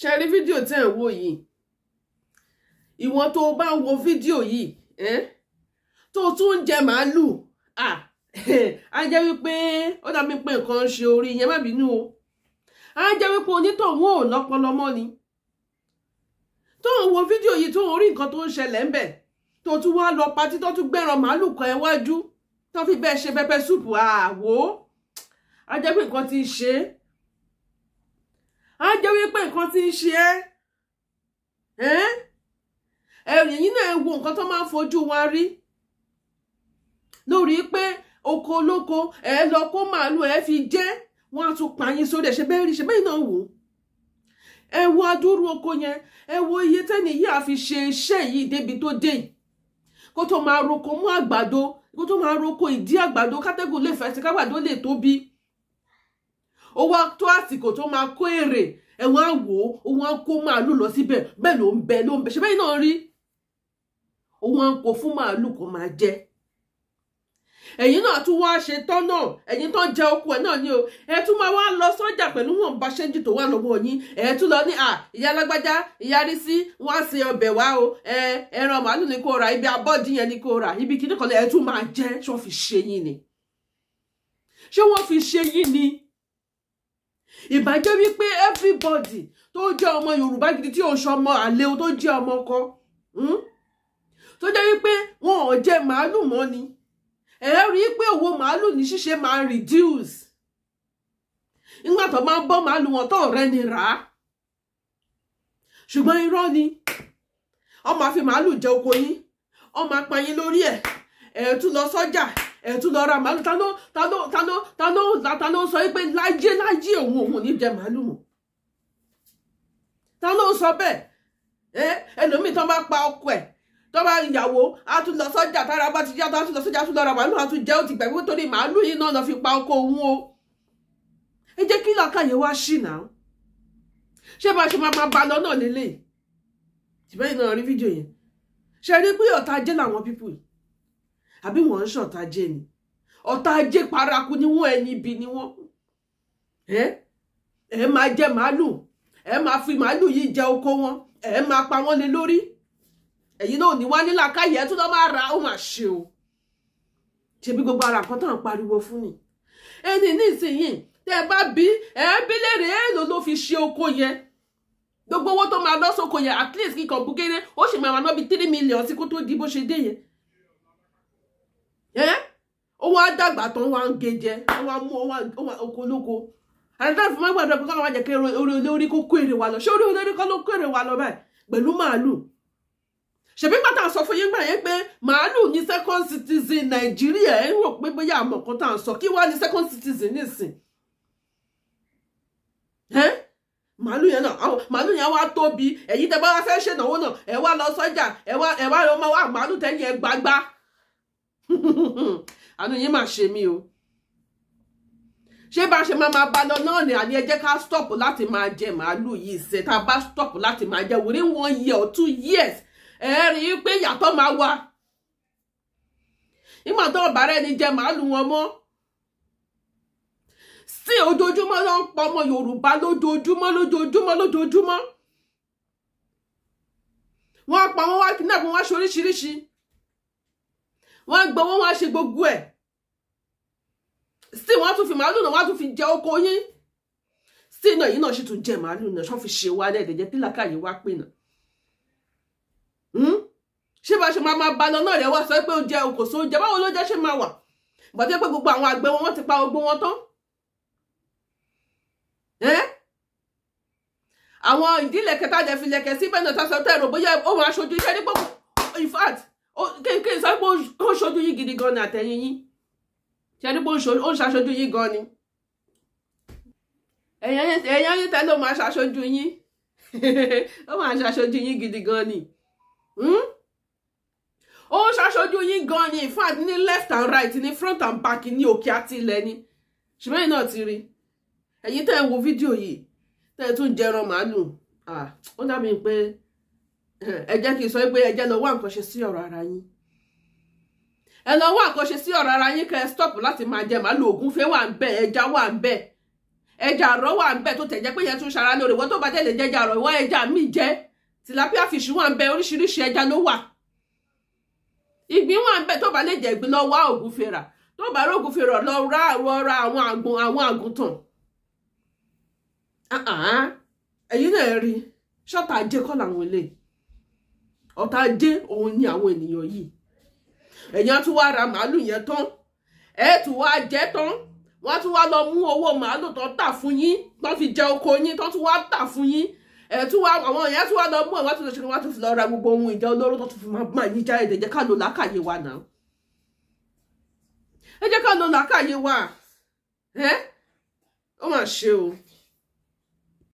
ṣe rí fídíò tẹ́ ẹ̀ ń wò yìí ìwọ̀n tó o bá ń wo fídíò yìí tó o tún ń jẹ màálù á jẹ́ wípé ó dàbí pé nǹkan ń ṣe orí yẹn má bínú o á jẹ́ wípé onítọ̀hún ò lọ́pọlọ mọ́ ni tó ń wo fídíò yìí tó ń rí nǹkan tó ń ṣẹlẹ̀ ń bẹ̀ tó tún wá lọ patí tó tún gbẹ̀rọ màálù kan ẹ wájú tó fi bẹ́ẹ̀ ṣe pẹpẹ súùpù àwò á jẹ́ pé nǹkan ti ṣe é a jẹ́ wípé nǹkan tí ń ṣe ẹ́ ẹ̀yìn náà wo nǹkan tó máa ń fojú wa rí lórí pé oko olóko ẹ lọ kó màálù ẹ fi jẹ wọn á tún pa yín sórí ẹ ṣe bẹ́ẹ̀ rí ṣe bẹ́ẹ̀ náà wò ó ẹ wo adúrú oko yẹn ẹ wo iye tẹ́ni yìí á fi ṣe iṣẹ́ yìí débi tó dé kó tó máa roko mú àgbàdo kó tó máa roko ìdí àgbàdo kátẹ́gùn lè fẹ́ kágbàdo lè tóbi ó wá tó àsìkò tó máa kó èrè ẹ̀wọ̀n àwò òun á kó màálù lọ síbẹ̀ bẹ́ẹ̀ ló ń bẹ ló ń bẹ ṣe bẹ́ẹ̀ náà rí òun á kó fún màálù kó máa jẹ ẹ̀yin náà tún wá ṣe tán náà ẹ̀yin tán jẹ oko ẹ̀ náà ni o ẹ̀ tún máa wá lọ sọ́jà pẹ̀lú wọn bá ṣẹ́ńjì tó wà lọ́wọ́ yín ẹ̀ tún lọ ní à ìyá alágbájá ìyá arísí wọ́n á ṣe ọbẹ̀ wá o ẹ ẹran màálù ni kò rà ibi abọ́dí yẹn ni kò rà ibi kíní kan ẹ̀ tún máa jẹ́ ṣé wọ́n fi ṣe yín ni ṣé wọ́n fi ṣe yín ni ìbàjẹ́ wípé everybody tó jẹ́ ọmọ yorùbá gidi tí òun ṣọmọ àlè tó jẹ́ ọmọ ọkọ hmm? tó jẹ́ wípé wọn ò jẹ màálù mọ́ ni ẹ rí i pé owó màálù ní ṣíṣe máa reduce nígbà tó máa ń bọ́ màálù wọn tó rẹ́ ni rà á ṣùgbọ́n irọ́ ni ọmọ àfi màálù jẹ oko yín ọmọ apayín lórí ẹ̀ ẹ̀ tún lọ sọ́jà. So ẹ̀tún lọ ra màálù tánú tánú tánú tánú tánú sọ pé láyé láyé òun òun ní jẹ màálù mọ́ tánú sọ bẹ́ẹ̀ ẹlòmíì tán bá pa ọkọ ẹ̀ tó bá ìyàwó a tún lọ sọ́jà tára bá ti já tó a tún lọ sọ́jà tún lọ ra màálù a tún jẹ́ ó ti gbàgbé torí màálù yìí náà lọ fi pa ọkọ òun o ẹ jẹ́ kí làákàyè wá ṣì náà ṣé bá ṣe máa bá lọ náà lélẹ̀ tìbẹ́yìn náà rí fídíò yẹn ṣe rí pé ọ̀tá jẹ́ làwọn pípù yìí àbí wọ́n ń ṣọ̀tá jẹ́ ni ọ̀tá ajé paraku ni wọ́n ẹni ibi ni wọ́n ẹ ẹ máa jẹ màálù ẹ máa fi màálù yìí jẹ oko wọn ẹ máa pa wọ́n lé lórí ẹ̀yin náà ní wá nílà káyẹ tó lọ máa ra ó máa ṣe o ṣebí gbogbo ara nǹkan tó ń pariwo fún ni ẹni nísìnyí tẹ́ ẹ bá bí ẹ bí léèrè èèlò ló fi ṣe oko yẹn gbogbo owó tó máa lọ sóko yẹn at least kíkan bú ó sì máa wà lọ́bi three million sí kó tó di bó ṣe dé yẹn wá dàgbà tán wá ń gé jẹ ó wá mú ó wá oko olóko àdàdà fún mọ́gbà dọ̀ pé kọ́lọ́ wá jẹ́ kí orí olórí kó kó èrè wa lọ ṣé orí olórí kọ́ ló kó èrè wa lọ báyìí pẹ̀lú màálù ṣèbí pátá sọ fún yín gbà yẹn pé màálù ní second citizen nàìjíríà ẹ ń rò pé bóyá àmọ̀ kan tá à ń sọ kí wá ní second citizen nísìn màálù yẹn náà màálù yẹn wá tóbi èyí tẹ bá wá fẹ́ ṣèdánwó náà ẹ wá lọ sọ́jà ẹ wá ẹ wá lọ máa wá màálù tẹ́yìn ẹ gbagbá àánú yín mà ṣe mí o ṣé bá ṣe máa máa bá lọ náà ni àní ẹ ká stop láti máa jẹ màálù yìí ṣe tá a bá stop láti máa jẹ within one year or two years ẹ rí i pé ìyàtọ̀ máa wà nígbà tó ọ̀bà rẹ̀ ni jẹ màálù wọn mọ́ sí ojoojúmọ́ ló ń pọ̀ ọmọ Yorùbá lójoojúmọ́ lójoojúmọ́ lójoojúmọ́ wọ́n pa wọ́n wá kidnap wọ́n wá ṣoríṣiríṣi wọ́n á gbowó wọ́n á ṣe gbogbo ẹ̀ sí wọ́n á tún fi màálù náà wọ́n á tún fi jẹ oko yín sí náà yìí náà sì tún jẹ màálù náà ṣọ́ fi ṣe wá náà ẹ̀dẹ̀jẹ̀ kí làkàyè wá pè náà hmm? ṣé bá ṣe máa máa balọ̀ náà rẹ̀ wá sọ pé ó jẹ òkò sí oúnjẹ báwo ló jẹ́ ṣe máa wà gbàtẹ́ pé gbogbo àwọn àgbẹ̀ wọn wọ́n ti pa ogbó wọn tán àwọn ìdílé kẹta jẹ fi lẹkẹ síbẹ̀ náà tá a sọ tẹ̀rọ bóyá ó máa ṣojú iṣẹ́ nípò in fact kéèké sọ pé ó ṣojú yín gidi gan ni àtẹ̀yìn yín ṣe ni pé ó ṣàṣojú yín gan ni ẹ̀yàn yín tẹ́lẹ̀ ó máa ṣàṣojú yín ó máa ṣàṣojú yín gidi gan ni hmm? ó ṣàṣojú yín gan ni in fact ní left and right ní front and back ní òkè àti ilẹ̀ ni ṣùgbọ́n yìí náà ti rí ẹ̀yin tẹ́ ẹ̀ wo fídíò yìí tẹ́ ẹ̀ tún jẹran màálù ah, ó dàbí pé. ẹ jẹ́ kí n sọ pé ẹ jẹ́ lọ wá nǹkan ṣe sí ọrọ ara yín ẹ lọ wá nǹkan ṣe sí ọrọ ara yín kẹ́ stop láti máa jẹ màálù wà ń bẹ ẹja wà ń bẹ ẹja àrọ̀ wà ń bẹ tó tẹ̀ pé yẹn tún ṣara lórí wọ́n tó bá tẹ̀lé ẹja mi tilapia fish wà ń bẹ oríṣiríṣi ẹja ló wà ìgbín wà ń bẹ tó bá lè jẹ ìgbín lọ wá ògúnfẹ́ rà tó ra àwọn àgùn àwọn ah, ah, ah. náà rí làwọn eléyìí ọ̀tá ajé òun ni àwọn ènìyàn yìí èèyàn tún wá ra màálù yẹn tán ẹ tún wá jẹ tán wọ́n tún wá lọ mú owó màálù tó tà fún yín tó fi jẹ oko yín tó tún wá tà fún yín ẹ tún wá àwọn yẹn tún wá lọ mú ẹ wọ́n tún lọ ṣe wọ́n tún fi lọ ra gbogbo ohun ìjà olóró tó tún fi máa máa yín já èdè jẹ́ ká lò lákàyè wa náà ẹ jẹ́ ká lò lákàyè wa ẹ ó mà ṣe o.